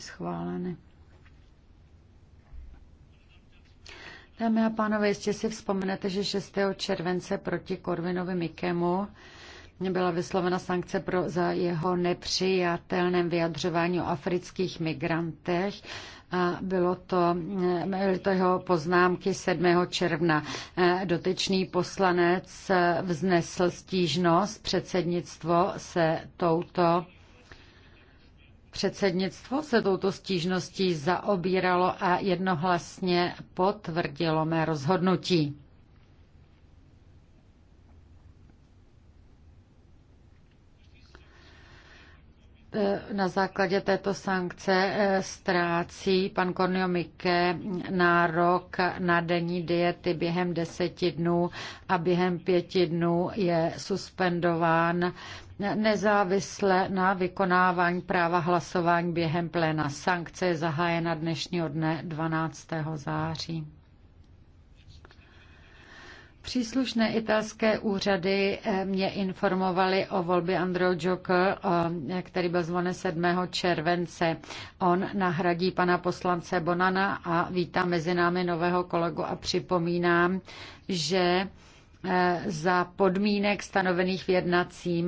schváleny. Dámy a pánové, jistě si vzpomenete, že 6. července proti Korvinovi Mikemu byla vyslovena sankce pro, za jeho nepřijatelném vyjadřování o afrických migrantech. A bylo to, byly to jeho poznámky 7. června. Dotyčný poslanec vznesl stížnost, předsednictvo se touto Předsednictvo se touto stížností zaobíralo a jednohlasně potvrdilo mé rozhodnutí. na základě této sankce eh, ztrácí pan Kornio Mike nárok na denní diety během deseti dnů a během pěti dnů je suspendován nezávisle na vykonávání práva hlasování během pléna. Sankce je zahájena dnešního dne 12. září. Příslušné italské úřady eh, mě informovaly o volbě Andreo Joker, eh, který byl zvolen 7. července. On nahradí pana poslance Bonana a vítám mezi námi nového kolegu a připomínám, že eh, za podmínek stanovených v jednacím